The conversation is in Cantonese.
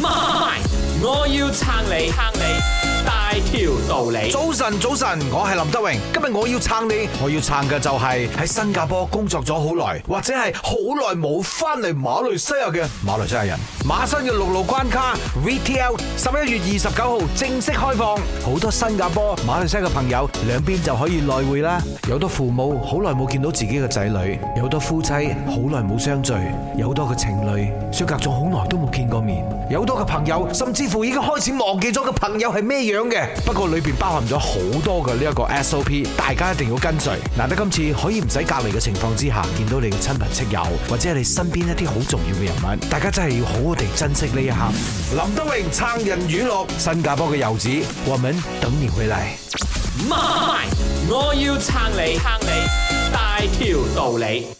My, 我要撐你，撐你大條道理。早晨，早晨，我係林德榮，今日我要撐你。我要撐嘅就係喺新加坡工作咗好耐，或者係好耐冇翻嚟馬來西亞嘅馬來西亞人。馬新嘅陸路關卡 VTL 十一月二十九號正式開放，好多新加坡、馬來西亞嘅朋友兩邊就可以來回啦。有多父母好耐冇見到自己嘅仔女，有多夫妻好耐冇相聚，有好多情侶相隔咗好耐都冇見過。有好多嘅朋友，甚至乎已經開始忘記咗個朋友係咩樣嘅。不過裏面包含咗好多嘅呢一個 SOP，大家一定要跟隨。難得今次可以唔使隔離嘅情況之下，見到你嘅親朋戚友，或者係你身邊一啲好重要嘅人物，大家真係要好好地珍惜呢一刻。林德榮撐人娛樂，新加坡嘅遊子，我們等你回嚟：「媽咪，我要撐你，撐你大條道理。